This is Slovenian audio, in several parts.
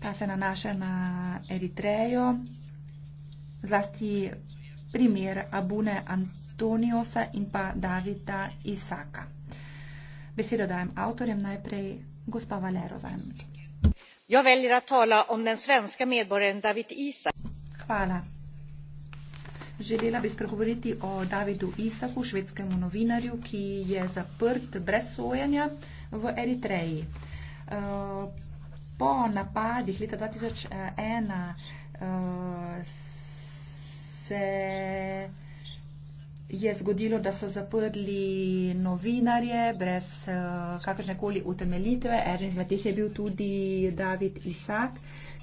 ta se nanaša na Eritrejo, zlasti primer Abune Antoniosa in pa Davida Isaka. Besedo dajem avtorjem najprej, gospa Valero zajemnik. Jo velji ratola om den svenska medborjen David Isak. Hvala. Želela bi spregovoriti o Davidu Isaku, švedskemu novinarju, ki je zaprt brez sojenja v Eritreji. Uh, po napadih leta 2001 uh, eh, se je zgodilo, da so zaprli novinarje brez uh, kakršnekoli utemelitve. Eden izmed teh je bil tudi David Isak.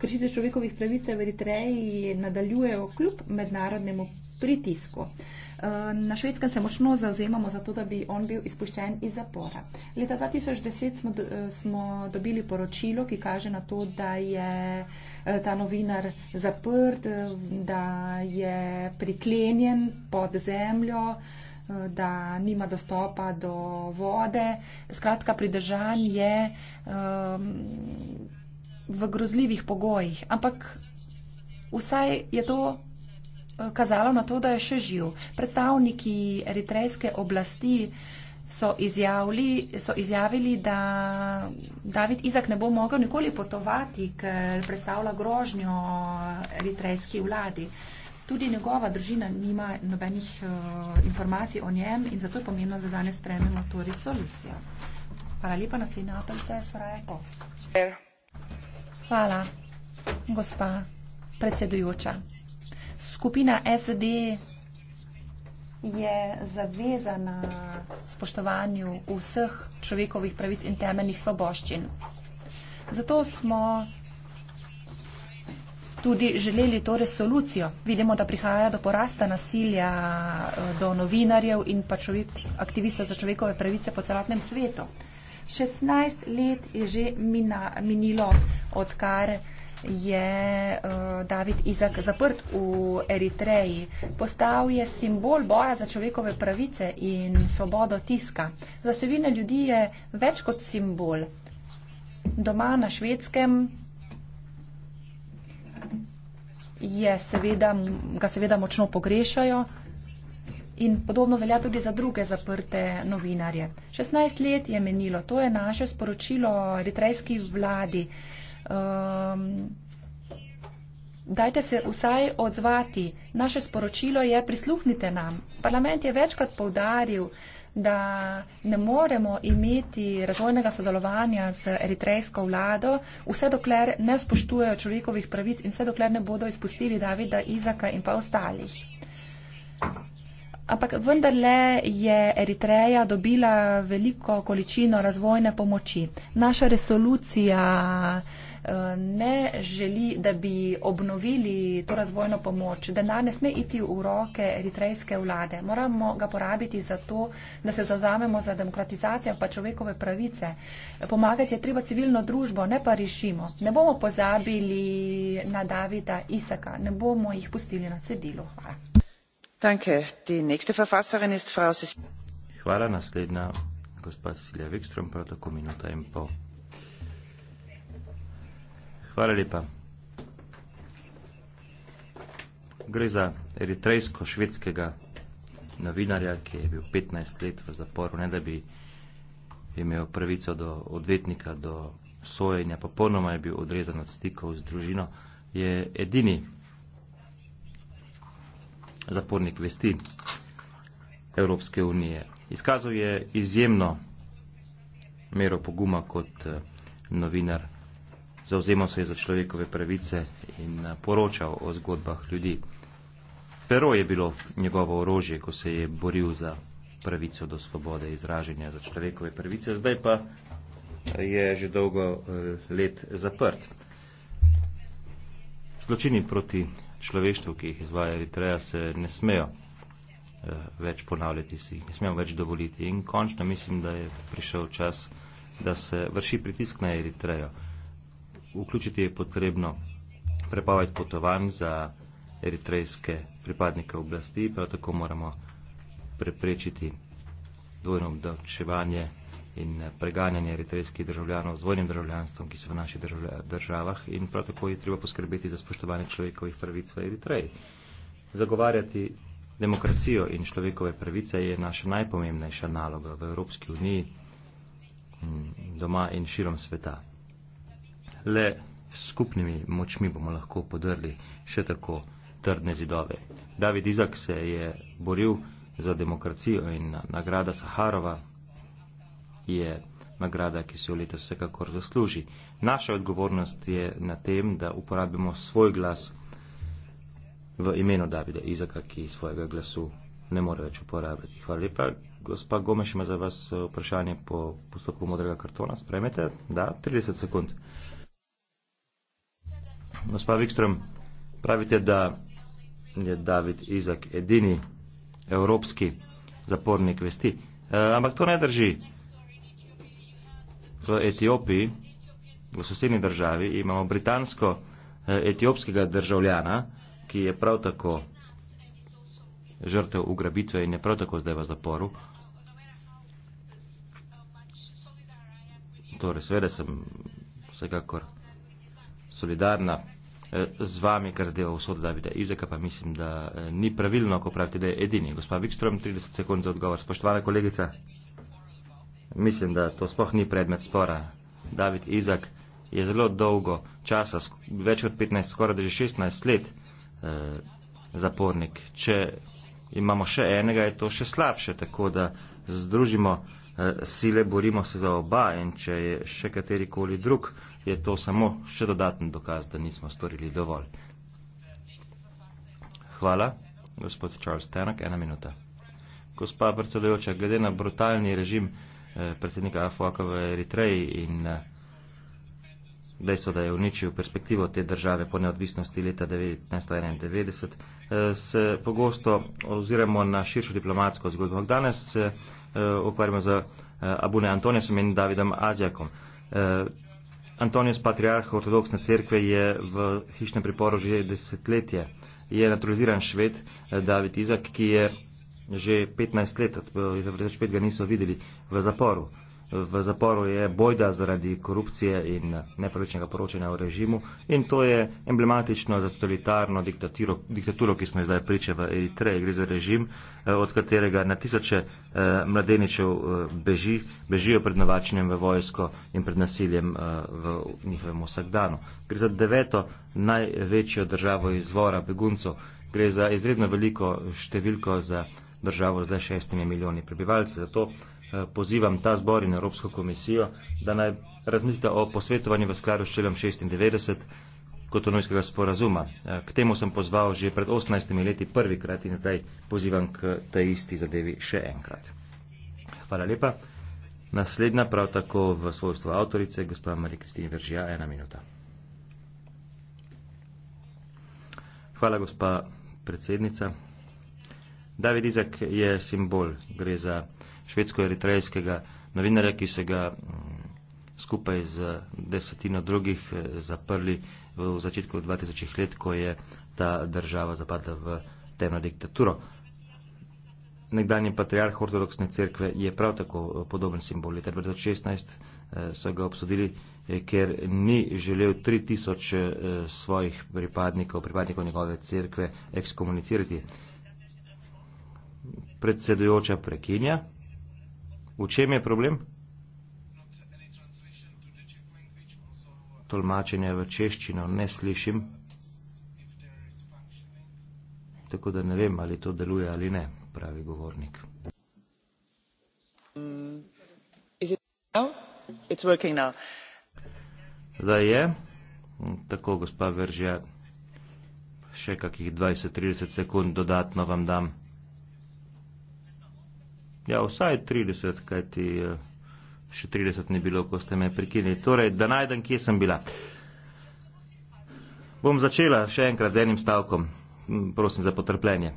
Kršitev človekovih pravice v Eritreji nadaljujejo kljub mednarodnemu pritisku. Uh, Eh, na švedskem se močno zauzemamo za to, da bi on bil izpuščen iz zapora. Leta 2010 smo, do, eh, smo dobili poročilo, ki kaže na to, da je eh, ta novinar zaprt, da je priklenjen pod zemljo, da nima dostopa do vode. Skratka, pridržan je um, v grozljivih pogojih, ampak vsaj je to Eh, kazalo na to, da je še živ. Predstavniki eritrejske oblasti so, so izjavili, da David Izak ne bo mogel nikoli potovati, ker predstavlja grožnjo eritrejski vladi. Tudi njegova družina nima nobenih uh, informacij o njem in zato je pomembno, da danes sprememo to resolucijo. Hvala lepa, naslednja apelca je Svrajko. Hvala, gospa predsedujoča. Skupina SD je zavezana spoštovanju vseh človekovih pravic in temeljnih svoboščin. Zato smo tudi želeli to resolucijo. Vidimo, da prihaja do porasta nasilja eh, do novinarjev in pa človek, aktivistov za človekove pravice po celotnem svetu. 16 let je že mina, minilo, odkar je uh, David Izak zaprt v Eritreji. Postal je simbol boja za človekove pravice in svobodo tiska. Za številne ljudi je več kot simbol. Doma na švedskem je seveda, ga seveda močno pogrešajo in podobno velja tudi za druge zaprte novinarje. 16 let je menilo, to je naše sporočilo eritrejski vladi um, dajte se vsaj odzvati. Naše sporočilo je, prisluhnite nam. Parlament je večkrat povdaril, da ne moremo imeti razvojnega sodelovanja z eritrejsko vlado, vse dokler ne spoštujejo človekovih pravic in vse dokler ne bodo izpustili Davida Izaka in pa ostalih. Ampak vendarle je Eritreja dobila veliko količino razvojne pomoči. Naša resolucija eh, ne želi, da bi obnovili to razvojno pomoč. Denar ne sme iti v roke eritrejske vlade. Moramo ga porabiti za to, da se zauzamemo za demokratizacijo pa človekove pravice. Pomagati je treba civilno družbo, ne pa rešimo. Ne bomo pozabili na Davida Isaka, ne bomo jih pustili na cedilu. Hvala. Eh, Hvala. Naslednja gospa Silja Vikström, prav tako minuta in pol. Hvala lepa. Gre za eritrejsko-švedskega novinarja, ki je bil 15 let v zaporu, ne da bi imel pravico do odvetnika, do sojenja, popolnoma je bil odrezan od stikov z družino, je edini zapornik vesti Evropske unije. Izkazal je izjemno mero poguma kot eh, novinar. Zauzemal se je za človekove pravice in eh, poročal o zgodbah ljudi. Pero je bilo njegovo orožje, ko se je boril za pravico do svobode izraženja za človekove pravice, zdaj pa je že dolgo eh, let zaprt. Zločini proti človeštvu, ki jih izvaja Eritreja, se ne smejo eh, več ponavljati, si jih ne smejo več dovoliti. In končno mislim, da je prišel čas, da se vrši pritisk na Eritrejo. Vključiti je potrebno prepoved potovanj za eritrejske pripadnike oblasti, prav tako moramo preprečiti dvojno obdavčevanje in eh, preganjanje eritrejskih državljanov z vojnim državljanstvom, ki so v naših državah in prav tako je treba poskrbeti za spoštovanje človekovih pravic v Eritreji. Zagovarjati demokracijo in človekove pravice je naša najpomembnejša naloga v Evropski uniji, mm, doma in širom sveta. Le s skupnimi močmi bomo lahko podrli še tako trdne zidove. David Izak se je boril za demokracijo in eh, nagrada Saharova, je nagrada, ki se jo letos vsekakor zasluži. Naša odgovornost je na tem, da uporabimo svoj glas v imenu Davida Izaka, ki svojega glasu ne more več uporabiti. Hvala lepa. Gospa Gomeš ima za vas eh, vprašanje po postopku modrega kartona. Spremete? Da, 30 sekund. Gospa Vikström, pravite, da je David Izak edini evropski zapornik vesti. E, ampak to ne drži v Etiopiji, v sosednji državi, imamo britansko-etiopskega eh, državljana, ki je prav tako žrtev ugrabitve in je prav tako zdaj v zaporu. Torej, seveda sem vsekakor solidarna eh, z vami, kar zdaj v sodu Davida Izeka, pa mislim, da eh, ni pravilno, ko pravite, da je edini. Gospa Wikström, 30 sekund za odgovor. Spoštovana kolegica. Mislim, da to sploh ni predmet spora. David Izak je zelo dolgo časa, več kot 15, skoraj da že 16 let eh, zapornik. Če imamo še enega, je to še slabše, tako da združimo eh, sile, borimo se za oba in če je še katerikoli drug, je to samo še dodaten dokaz, da nismo storili dovolj. Hvala, gospod Charles Tenak, ena minuta. Gospa predsedujoča, glede na brutalni režim, predsednika Afuaka v Eritreji in eh, dejstvo, da je uničil perspektivo te države po neodvisnosti leta 1991, eh, se pogosto oziramo na širšo diplomatsko zgodbo. Danes se eh, ukvarjamo z Abune Antonijem in Davidom Azijakom. Antonijus, patriarh ortodoksne cerkve, je v hišnem priporu že desetletje. Je naturaliziran šved David Izak, ki je že 15 let, leta 2005 ga niso videli v zaporu. V zaporu je bojda zaradi korupcije in nepravičnega poročanja o režimu in to je emblematično za totalitarno diktaturo, diktaturo ki smo jo zdaj priče v Eritreji. Gre za režim, eh, od katerega na tisoče eh, mladeničev eh, beži, bežijo pred navačenjem v vojsko in pred nasiljem v njihovem vsakdanu. Gre za deveto največjo državo izvora beguncov, gre za izredno veliko številko za državo z le šestimi milijoni prebivalci. Zato eh, pozivam ta zbor in Evropsko komisijo, da naj razmislite o posvetovanju v skladu s členom 96 kotonojskega sporazuma. Eh, k temu sem pozval že pred 18 leti prvikrat in zdaj pozivam k tej isti zadevi še enkrat. Hvala lepa. Naslednja prav tako v svojstvu avtorice, gospoda Marija Kristina Veržija, ena minuta. Hvala, gospa predsednica. David Izak je simbol, gre za švedsko-eritrejskega novinarja, ki se ga mm, skupaj z desetino drugih eh, zaprli v začetku 2000 let, ko je ta država zapadla v temno diktaturo. Nekdanji patriarh ortodoksne cerkve je prav tako eh, podoben simbol. Leta 2016 eh, so ga obsodili, ker ni želel 3000 svojih pripadnikov, pripadnikov njegove cerkve ekskomunicirati predsedujoča prekinja. V čem je problem? Tolmačenje v češčino ne slišim, tako da ne vem, ali to deluje ali ne, pravi govornik. Zdaj je, tako gospa Veržija, še kakih 20-30 sekund dodatno vam dam. Ja, vsaj 30, kajti eh, še 30 ni bilo, ko ste me prekinili. Torej, da najdem, kje sem bila. Bom začela še enkrat z enim stavkom. Mm, prosim za potrpljenje.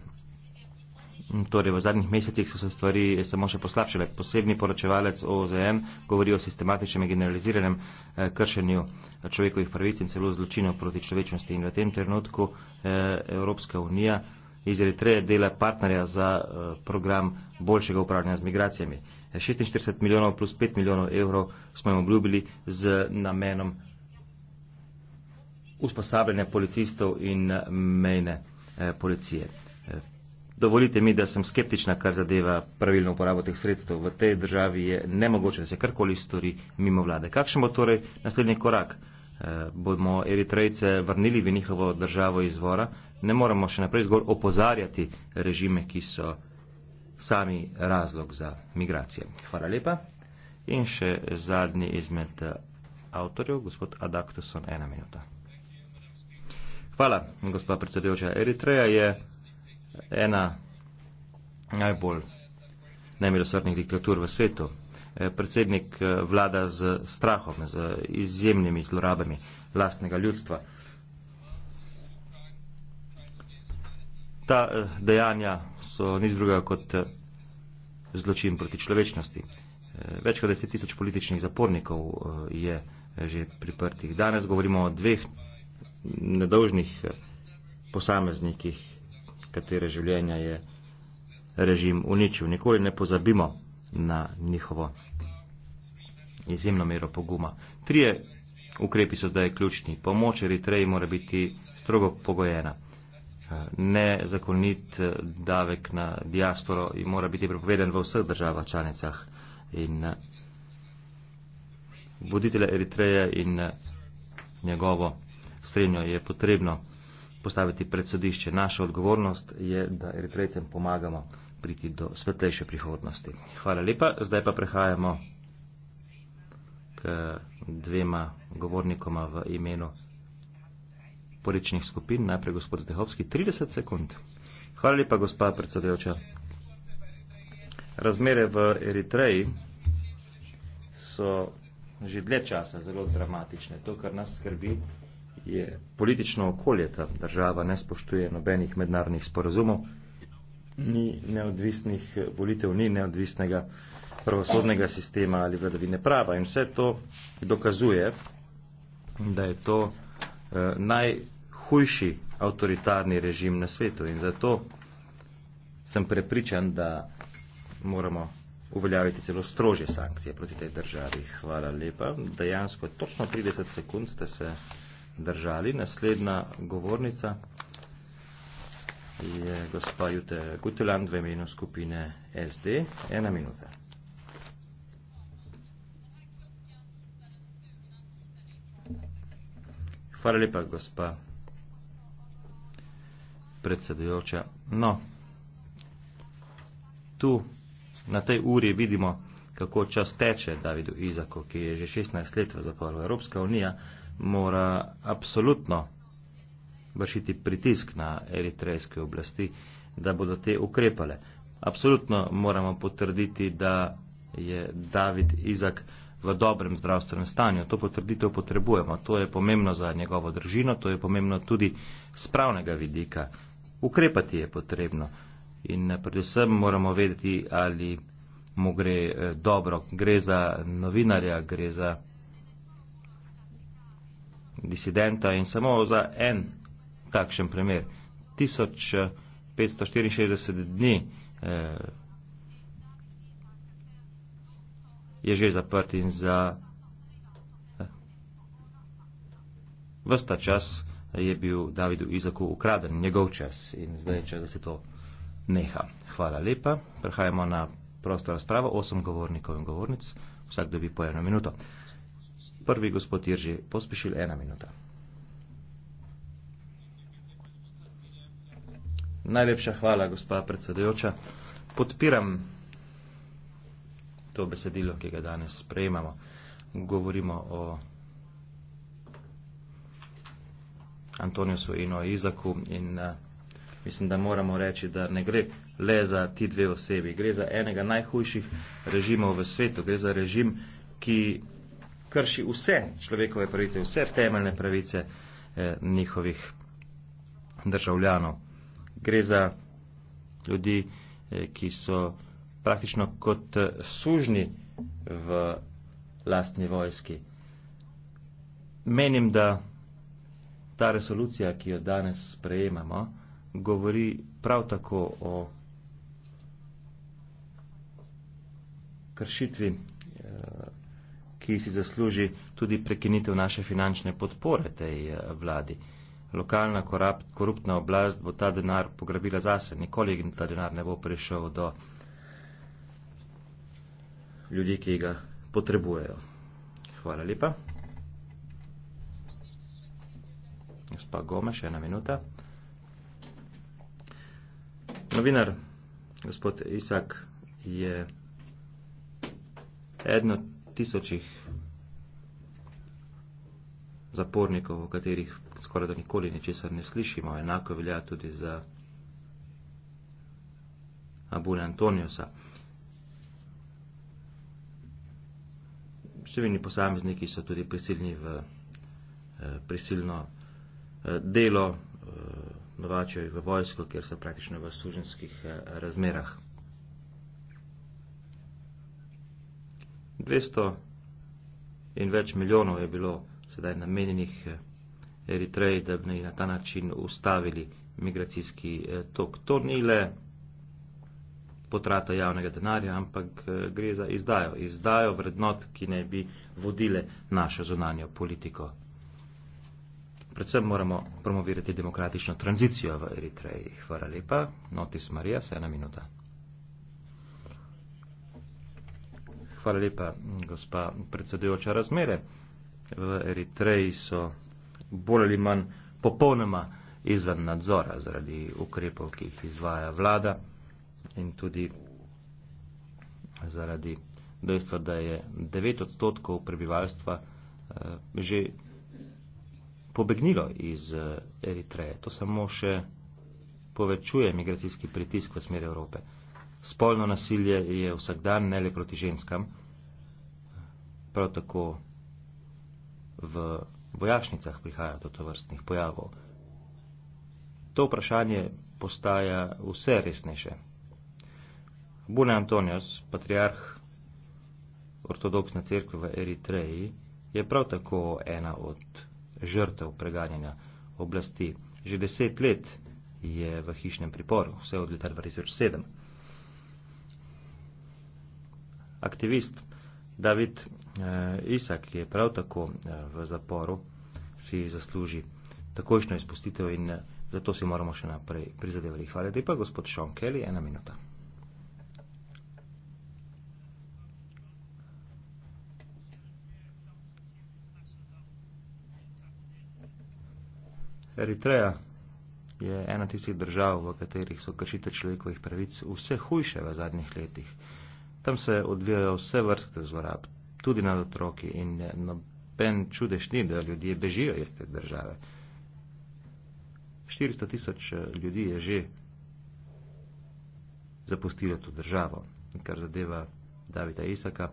Mm, torej, v zadnjih mesecih so se stvari samo še poslabšale. Posebni poročevalec OZN govori o sistematičnem in generaliziranem eh, kršenju eh, človekovih pravic in celo zločinov proti človečnosti. In v tem trenutku Evropska unija iz Eritreje dela partnerja za eh, program boljšega upravljanja z migracijami. 46 eh, milijonov plus 5 milijonov evrov smo jim obljubili z namenom usposabljanja policistov in eh, mejne policije. Dovolite mi, da sem skeptična, kar zadeva pravilno uporabo teh sredstev. V tej državi je nemogoče, da se karkoli stori mimo vlade. Kakšen bo torej naslednji korak? Eh, bomo Eritrejce vrnili v njihovo državo izvora, ne moramo še naprej zgolj opozarjati režime, ki so sami razlog za migracije. Hvala lepa. In še zadnji izmed eh, avtorjev, gospod Adaktuson, ena minuta. Hvala, gospod predsedujoča. Eritreja je ena najbolj najmilosrdnih diktatur v svetu. Eh, predsednik eh, vlada z strahom, z izjemnimi zlorabami lastnega ljudstva. Ta eh, dejanja so nič druga kot zločin proti človečnosti. Več kot deset tisoč političnih zapornikov je že priprtih. Danes govorimo o dveh nedolžnih posameznikih, katere življenja je režim uničil. Nikoli ne pozabimo na njihovo življenje izjemno mero poguma. Trije ukrepi so zdaj ključni. Pomoč Eritreji mora biti strogo pogojena. Eh, nezakonit eh, davek na diasporo mora biti prepovedan v vseh državah članicah. In eh, voditelja Eritreje in njegovo srednjo je potrebno postaviti pred sodišče. Naša odgovornost je, da Eritrejcem pomagamo priti do svetlejše prihodnosti. Hvala lepa, zdaj pa prehajamo k eh, dvema govornikoma v imenu poličnih skupin. Najprej gospod Zdehovski, 30 sekund. Hvala lepa, gospa predsedujoča. Razmere v Eritreji so že dlje časa zelo dramatične. To, kar nas skrbi, je politično okolje. Ta država ne spoštuje nobenih mednarodnih sporazumov, ni neodvisnih volitev, ni neodvisnega pravosodnega sistema ali vladavine prava. In vse to dokazuje, da je to eh, najhujši avtoritarni režim na svetu. In zato sem prepričan, da moramo uveljaviti celo strože sankcije proti tej državi. Hvala lepa. Dejansko točno 30 sekund ste se držali. Naslednja govornica je gospa Jute Gutiland v imenu skupine SD. Ena minuta. Hvala lepa, gospa predsedujoča. No, tu na tej uri vidimo, kako čas teče Davidu Izaku, ki je že 16 let v zaporu. Evropska unija mora absolutno vršiti pritisk na eritrejske oblasti, da bodo te ukrepale. Absolutno moramo potrditi, da je David Izak v dobrem zdravstvenem stanju. To potrditev potrebujemo. To je pomembno za njegovo držino, to je pomembno tudi z pravnega vidika. Ukrepati je potrebno in eh, predvsem moramo vedeti, ali mu gre eh, dobro. Gre za novinarja, gre za disidenta in samo za en takšen primer. 1564 eh, dni. Eh, je že zaprt in za eh, vrsta čas je bil Davidu Izaku ukraden njegov čas in zdaj je čas, da se to neha. Hvala lepa. Prehajamo na prosto razpravo. Osem govornikov in govornic. Vsak dobi po eno minuto. Prvi gospod Irži, pospešil ena minuta. Najlepša hvala, gospa predsedujoča. Podpiram to besedilo, ki ga danes sprejemamo. Govorimo o Antoniusu in o Izaku in uh, mislim, da moramo reči, da ne gre le za ti dve osebi. Gre za enega najhujših režimov v svetu. Gre za režim, ki krši vse človekove pravice, vse temeljne pravice eh, njihovih državljanov. Gre za ljudi, eh, ki so praktično kot eh, sužni v lastni vojski. Menim, da ta resolucija, ki jo danes sprejemamo, govori prav tako o kršitvi, eh, ki si zasluži tudi prekinitev naše finančne podpore tej eh, vladi. Lokalna korupt, koruptna oblast bo ta denar pograbila zase, nikoli ta denar ne bo prišel do ljudi, ki ga potrebujejo. Hvala lepa. Gospa Gome, še ena minuta. Novinar, gospod Isak, je eno tisočih zapornikov, o katerih skoraj da nikoli ničesar ne slišimo. Enako velja tudi za Abune Antoniusa. Številni posamezniki so tudi prisilni v eh, prisilno eh, delo, eh, novačijo jih v vojsko, kjer so praktično v služenskih eh, razmerah. 200 in več milijonov je bilo sedaj namenjenih eh, Eritreji, da bi na ta način ustavili migracijski eh, tok. To ni le potrata javnega denarja, ampak eh, gre za izdajo, izdajo vrednot, ki ne bi vodile našo zunanjo politiko. Predvsem moramo promovirati demokratično tranzicijo v Eritreji. Hvala lepa. Notis Marija, se ena minuta. Hvala lepa, gospa predsedujoča razmere. V Eritreji so bolj ali manj popolnoma izven nadzora zaradi ukrepov, ki jih izvaja vlada in tudi zaradi dejstva, da je 9 odstotkov prebivalstva eh, že pobegnilo iz eh, Eritreje. To samo še povečuje migracijski pritisk v smer Evrope. Spolno nasilje je vsak dan ne le proti ženskam, prav tako v vojašnicah prihaja do tovrstnih pojavov. To vprašanje postaja vse resnejše. Bune Antonijos, patriarh ortodoksne cerkve v Eritreji, je prav tako ena od žrtev preganjanja oblasti. Že deset let je v hišnem priporu, vse od leta 2007. Aktivist David eh, Isak, ki je prav tako eh, v zaporu, si zasluži takojšno izpustitev in eh, zato si moramo še naprej prizadevali. Hvala lepa, gospod Sean Kelly, ena minuta. Eritreja je ena tistih držav, v katerih so kršite človekovih pravic vse hujše v zadnjih letih. Tam se odvijajo vse vrste zlorab, tudi nad otroki in noben čudež ni, da ljudje bežijo iz te države. 400 tisoč eh, ljudi je že zapustilo to državo, kar zadeva Davida Isaka,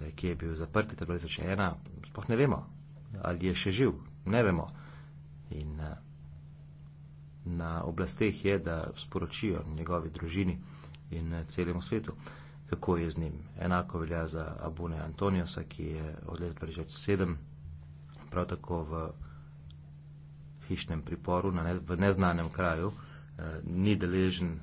eh, ki je bil zaprt leta 2001. Sploh ne vemo, ali je še živ, ne vemo. In eh, na oblasteh je, da sporočijo njegovi družini in eh, celemu svetu, kako je z njim. Enako velja za Abune Antoniosa, ki je od leta 2007 prav tako v hišnem priporu ne, v neznanem kraju, eh, ni deležen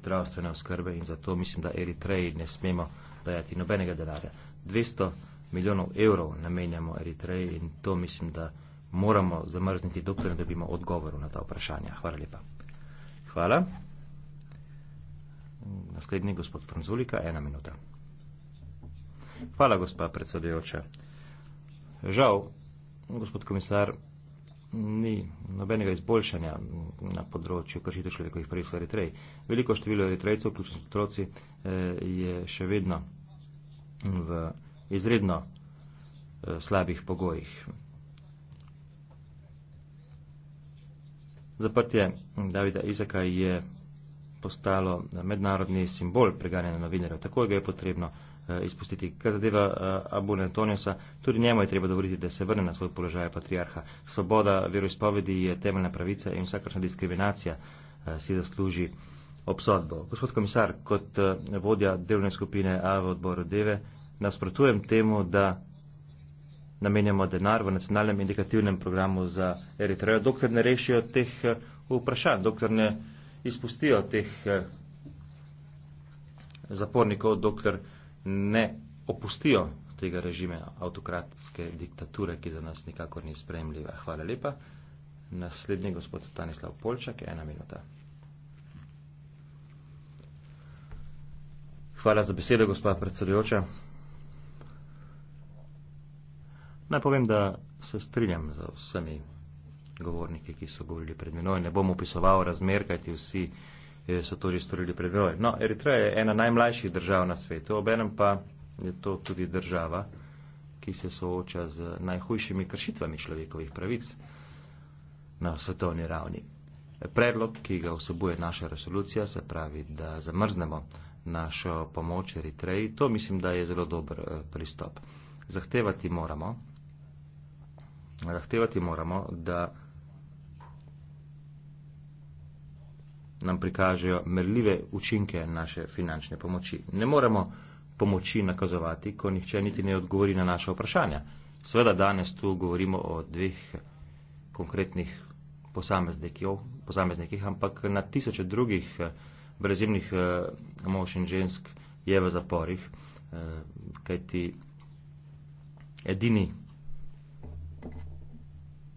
zdravstvene oskrbe in zato mislim, da Eritreji ne smemo dajati nobenega denarja. 200 milijonov evrov namenjamo Eritreji in to mislim, da moramo zamrzniti, dokler ne dobimo odgovoru na ta vprašanja. Hvala lepa. Hvala. Naslednji gospod Franzulika, ena minuta. Hvala, gospa predsedujoča. Žal, gospod komisar, ni nobenega izboljšanja na področju kršitev človekovih pravic v Eritreji. Veliko število Eritrejcev, vključno s otroci, eh, je še vedno v izredno eh, slabih pogojih. Zaprtje Davida Izaka je postalo mednarodni simbol preganjanja novinarjev. Tako ga je potrebno eh, izpustiti. Kar zadeva eh, Abuna Antoniosa, tudi njemu je treba dovoliti, da se vrne na svoj položaj patriarha. Svoboda veroizpovedi je temeljna pravica in vsakršna diskriminacija eh, si zasluži obsodbo. Gospod komisar, kot vodja delovne skupine A v odboru Deve, nasprotujem temu, da namenjamo denar v nacionalnem indikativnem programu za Eritrejo, dokler ne rešijo teh eh, vprašanj, dokler ne izpustijo teh eh, zapornikov, dokler ne opustijo tega režime avtokratske diktature, ki za nas nikakor ni sprejemljiva. Hvala lepa. Naslednji gospod Stanislav Polčak, ena minuta. Hvala za besedo, gospod predsedujoča. Naj povem, da se strinjam z vsemi govorniki, ki so govorili pred menoj. Ne bom opisoval razmer, kajti vsi eh, so to že storili pred menoj. No, Eritreja je ena najmlajših držav na svetu, obenem pa je to tudi država, ki se sooča z najhujšimi kršitvami človekovih pravic na svetovni ravni. Predlog, ki ga vsebuje naša resolucija, se pravi, da zamrznemo našo pomoč Eritreji, to mislim, da je zelo dober eh, pristop. Zahtevati moramo, zahtevati moramo, da nam prikažejo merljive učinke naše finančne pomoči. Ne moramo pomoči nakazovati, ko nihče niti ne odgovori na naše vprašanja. Sveda danes tu govorimo o dveh konkretnih posameznikih, ampak na tisoče drugih eh, brezimnih eh, mož in žensk je v zaporih, eh, kajti edini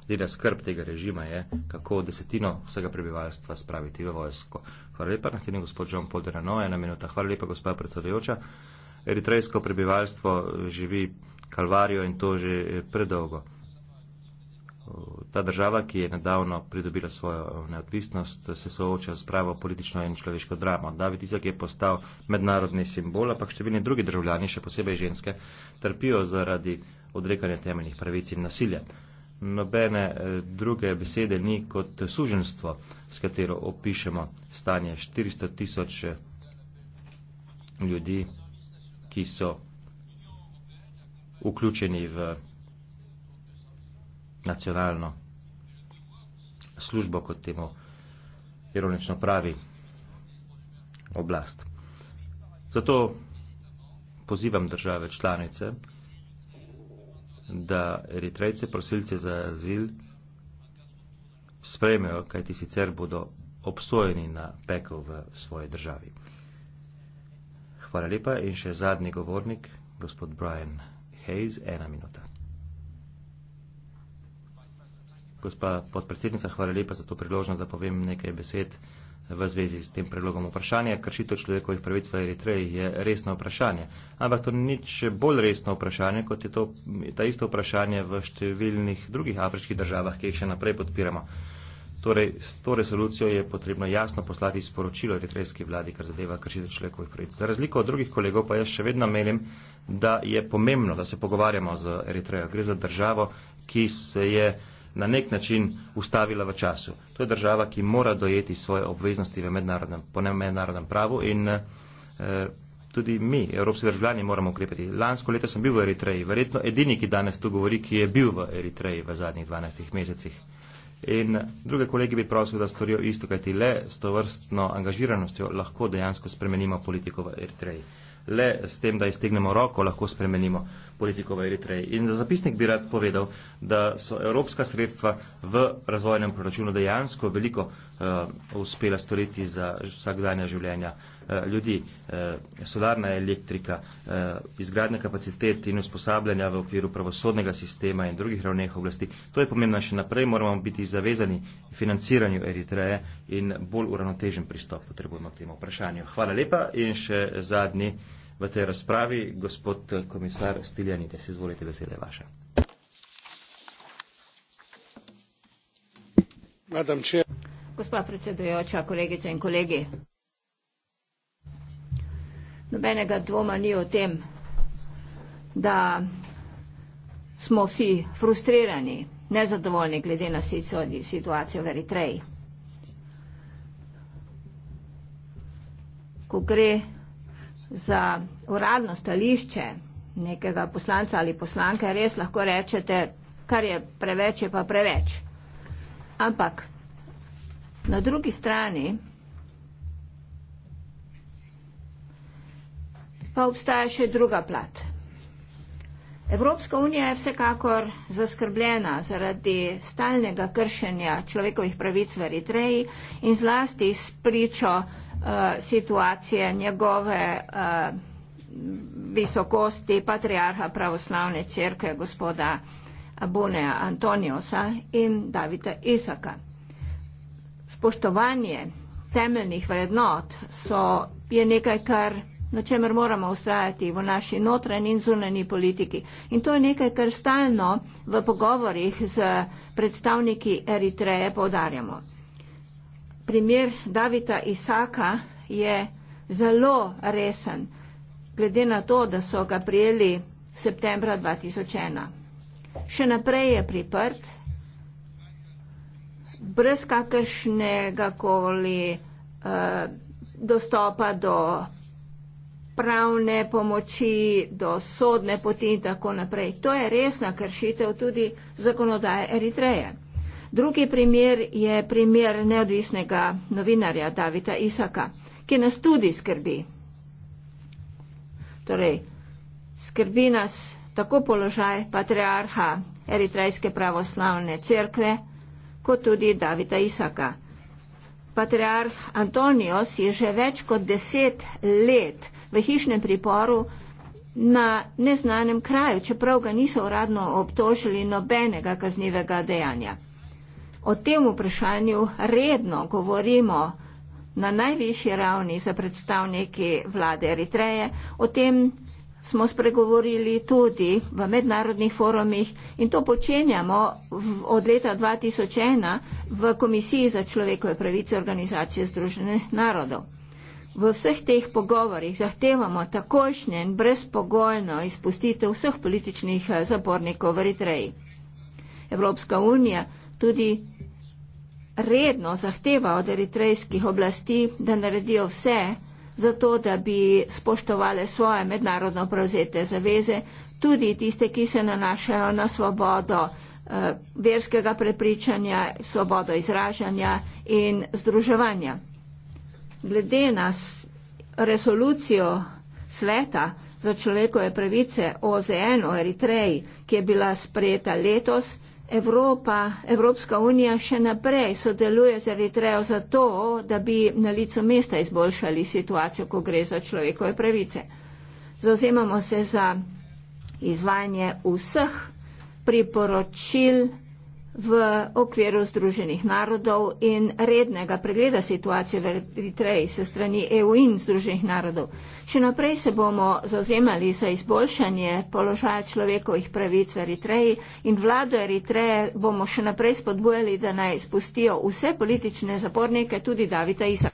edina skrb tega režima je, kako desetino vsega prebivalstva spraviti v vojsko. Hvala lepa, naslednji gospod John Polder na nove, ena minuta. Hvala lepa, gospod predsedujoča. Eritrejsko prebivalstvo živi kalvarijo in to že predolgo. Ta država, ki je nedavno pridobila svojo neodvisnost, se sooča s pravo politično in človeško dramo. David Izak je postal mednarodni simbol, ampak številni drugi državljani, še posebej ženske, trpijo zaradi odrekanja temeljnih pravic in nasilja nobene eh, druge besede ni kot suženstvo, s katero opišemo stanje 400 tisoč eh, ljudi, ki so vključeni v nacionalno službo, kot temu ironično pravi oblast. Zato pozivam države članice, da eritrejce prosilce za azil spremejo, kajti sicer bodo obsojeni na pekel v svoji državi. Hvala lepa in še zadnji govornik, gospod Brian Hayes, ena minuta. Gospa podpredsednica, hvala lepa za to priložnost, da povem nekaj besed. Uh, v zvezi s tem predlogom vprašanja. Kršitev človekovih pravic v Eritreji je resno vprašanje. Ampak to ni nič bolj resno vprašanje, kot je to, ta isto vprašanje v številnih drugih afriških državah, ki jih še naprej podpiramo. Torej, s to resolucijo je potrebno jasno poslati sporočilo eritrejski vladi, kar zadeva kršitev človekovih pravic. Za razliko od drugih kolegov pa jaz še vedno menim, da je pomembno, da se pogovarjamo z Eritrejo. Gre za državo, ki se je na nek način ustavila v času. To je država, ki mora dojeti svoje obveznosti v mednarodnem, po mednarodnem pravu in eh, tudi mi, evropski državljani, moramo ukrepiti. Lansko leto sem bil v Eritreji, verjetno edini, ki danes tu govori, ki je bil v Eritreji v zadnjih 12 mesecih. In druge kolegi bi prosil, da storijo isto, kajti le s to vrstno angažiranostjo lahko dejansko spremenimo politiko v Eritreji le s tem, da iztegnemo roko, lahko spremenimo politiko v Eritreji. In za zapisnik bi rad povedal, da so evropska sredstva v razvojnem proračunu dejansko veliko uh, uspela storiti za vsakdanja življenja eh, ljudi, eh, solarna elektrika, izgradnja kapacitet in usposabljanja v okviru pravosodnega sistema in drugih ravneh oblasti. To je pomembno še naprej, moramo biti zavezani financiranju Eritreje in bolj uravnotežen pristop potrebujemo k temu vprašanju. Hvala lepa in še zadnji v tej razpravi. Gospod eh, komisar Stiljanite, se izvolite, beseda je vaša. Gospa predsedujoča, kolegice in kolegi. Nobenega dvoma ni o tem, da smo vsi frustrirani, nezadovoljni glede na situacijo v Eritreji. Ko gre za uradno stališče nekega poslanca ali poslanke res lahko rečete, kar je preveč, je pa preveč. Ampak na drugi strani pa obstaja še druga plat. Evropska unija je vsekakor zaskrbljena zaradi stalnega kršenja človekovih pravic v Eritreji in zlasti s pričo Eh, situacije njegove eh, visokosti patriarha pravoslavne cerkve gospoda Bunea Antoniosa in Davida Isaka. Spoštovanje temeljnih vrednot so, je nekaj, kar na čemer moramo ustrajati v naši notranji in zunanji politiki. In to je nekaj, kar stalno v pogovorjih z predstavniki Eritreje povdarjamo primer Davida Isaka je zelo resen, glede na to, da so ga prijeli septembra 2001. Še naprej je priprt, brez kakršnega koli uh, dostopa do pravne pomoči, do sodne poti in tako naprej. To je resna kršitev tudi zakonodaje Eritreje. Drugi primer je primer neodvisnega novinarja Davida Isaka, ki nas tudi skrbi. Torej, skrbi nas tako položaj patriarha Eritrejske pravoslavne cerkve, kot tudi Davida Isaka. Patriarh Antonijos je že več kot deset let v hišnem priporu na neznanem kraju, čeprav ga niso uradno obtožili nobenega kaznivega dejanja o tem vprašanju redno govorimo na najvišji ravni za predstavniki vlade Eritreje. O tem smo spregovorili tudi v mednarodnih forumih in to počenjamo od leta 2001 v Komisiji za človekove pravice organizacije Združenih narodov. V vseh teh pogovorih zahtevamo takošnje in brezpogojno izpustitev vseh političnih eh, zapornikov v Eritreji. Evropska unija tudi redno zahteva od eritrejskih oblasti, da naredijo vse za to, da bi spoštovali svoje mednarodno prevzete zaveze, tudi tiste, ki se nanašajo na svobodo eh, verskega prepričanja, svobodo izražanja in združevanja. Glede na resolucijo sveta za človekove pravice OZN o Eritreji, ki je bila sprejeta letos, Evropa, Evropska unija še naprej sodeluje z Eritrejo za to, da bi na licu mesta izboljšali situacijo, ko gre za človekove pravice. Zauzemamo se za izvajanje vseh priporočil v okviru Združenih narodov in rednega pregleda situacije v Eritreji se strani EU in Združenih narodov. Še naprej se bomo zauzemali za izboljšanje položaja človekovih pravic v Eritreji in vlado Eritreje bomo še naprej spodbujali, da naj spustijo vse politične zapornike, tudi Davida Isa.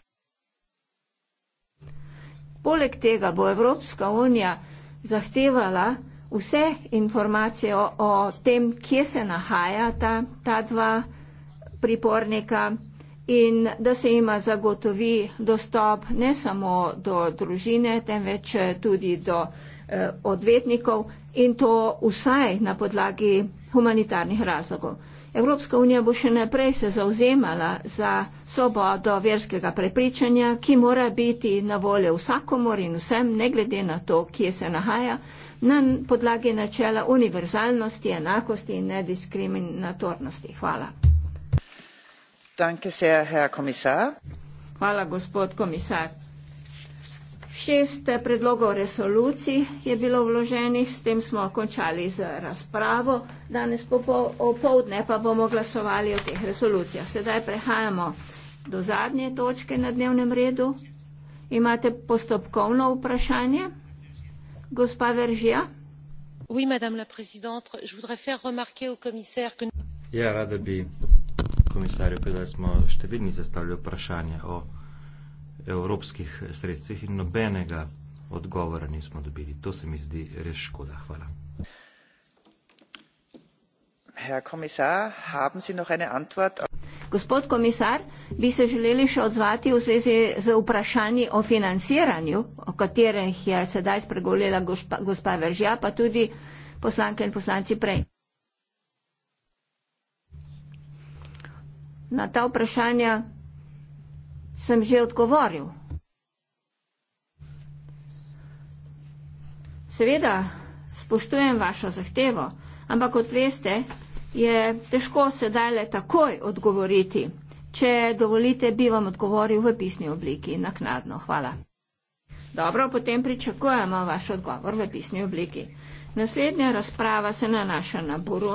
Poleg tega bo Evropska unija zahtevala, vse informacije o, o tem, kje se nahajata ta dva pripornika in da se ima zagotovi dostop ne samo do družine, temveč tudi do eh, odvetnikov in to vsaj na podlagi humanitarnih razlogov. Evropska unija bo še naprej se zauzemala za svobodo verskega prepričanja, ki mora biti na voljo vsakomor in vsem, ne glede na to, kje se nahaja, na podlagi načela univerzalnosti, enakosti in nediskriminatornosti. Hvala. Danke sehr, Herr Kommissar. Hvala, gospod komisar. Šest predlogov resolucij je bilo vloženih, s tem smo končali z razpravo. Danes popovdne pa bomo glasovali o teh resolucijah. Sedaj prehajamo do zadnje točke na dnevnem redu. Imate postopkovno vprašanje? Gospa Veržija? Oui, madame la présidente, je voudrais faire remarquer au commissaire que... Ja, rada bi komisarju povedala, da smo številni zastavili vprašanje o evropskih sredstvih in nobenega odgovora nismo dobili. To se mi zdi res škoda. Hvala. Gospod komisar, bi se želeli še odzvati v zvezi z vprašanji o financiranju, o katerih je sedaj spregovorila gospa, gospa Veržja, pa tudi poslanke in poslanci prej. Na ta vprašanja sem že odgovoril. Seveda spoštujem vašo zahtevo, ampak kot veste, je težko sedaj le takoj odgovoriti. Če dovolite, bi vam odgovoril v pisni obliki naknadno. Hvala. Dobro, potem pričakujemo vaš odgovor v pisni obliki. Naslednja razprava se nanaša na Burundi.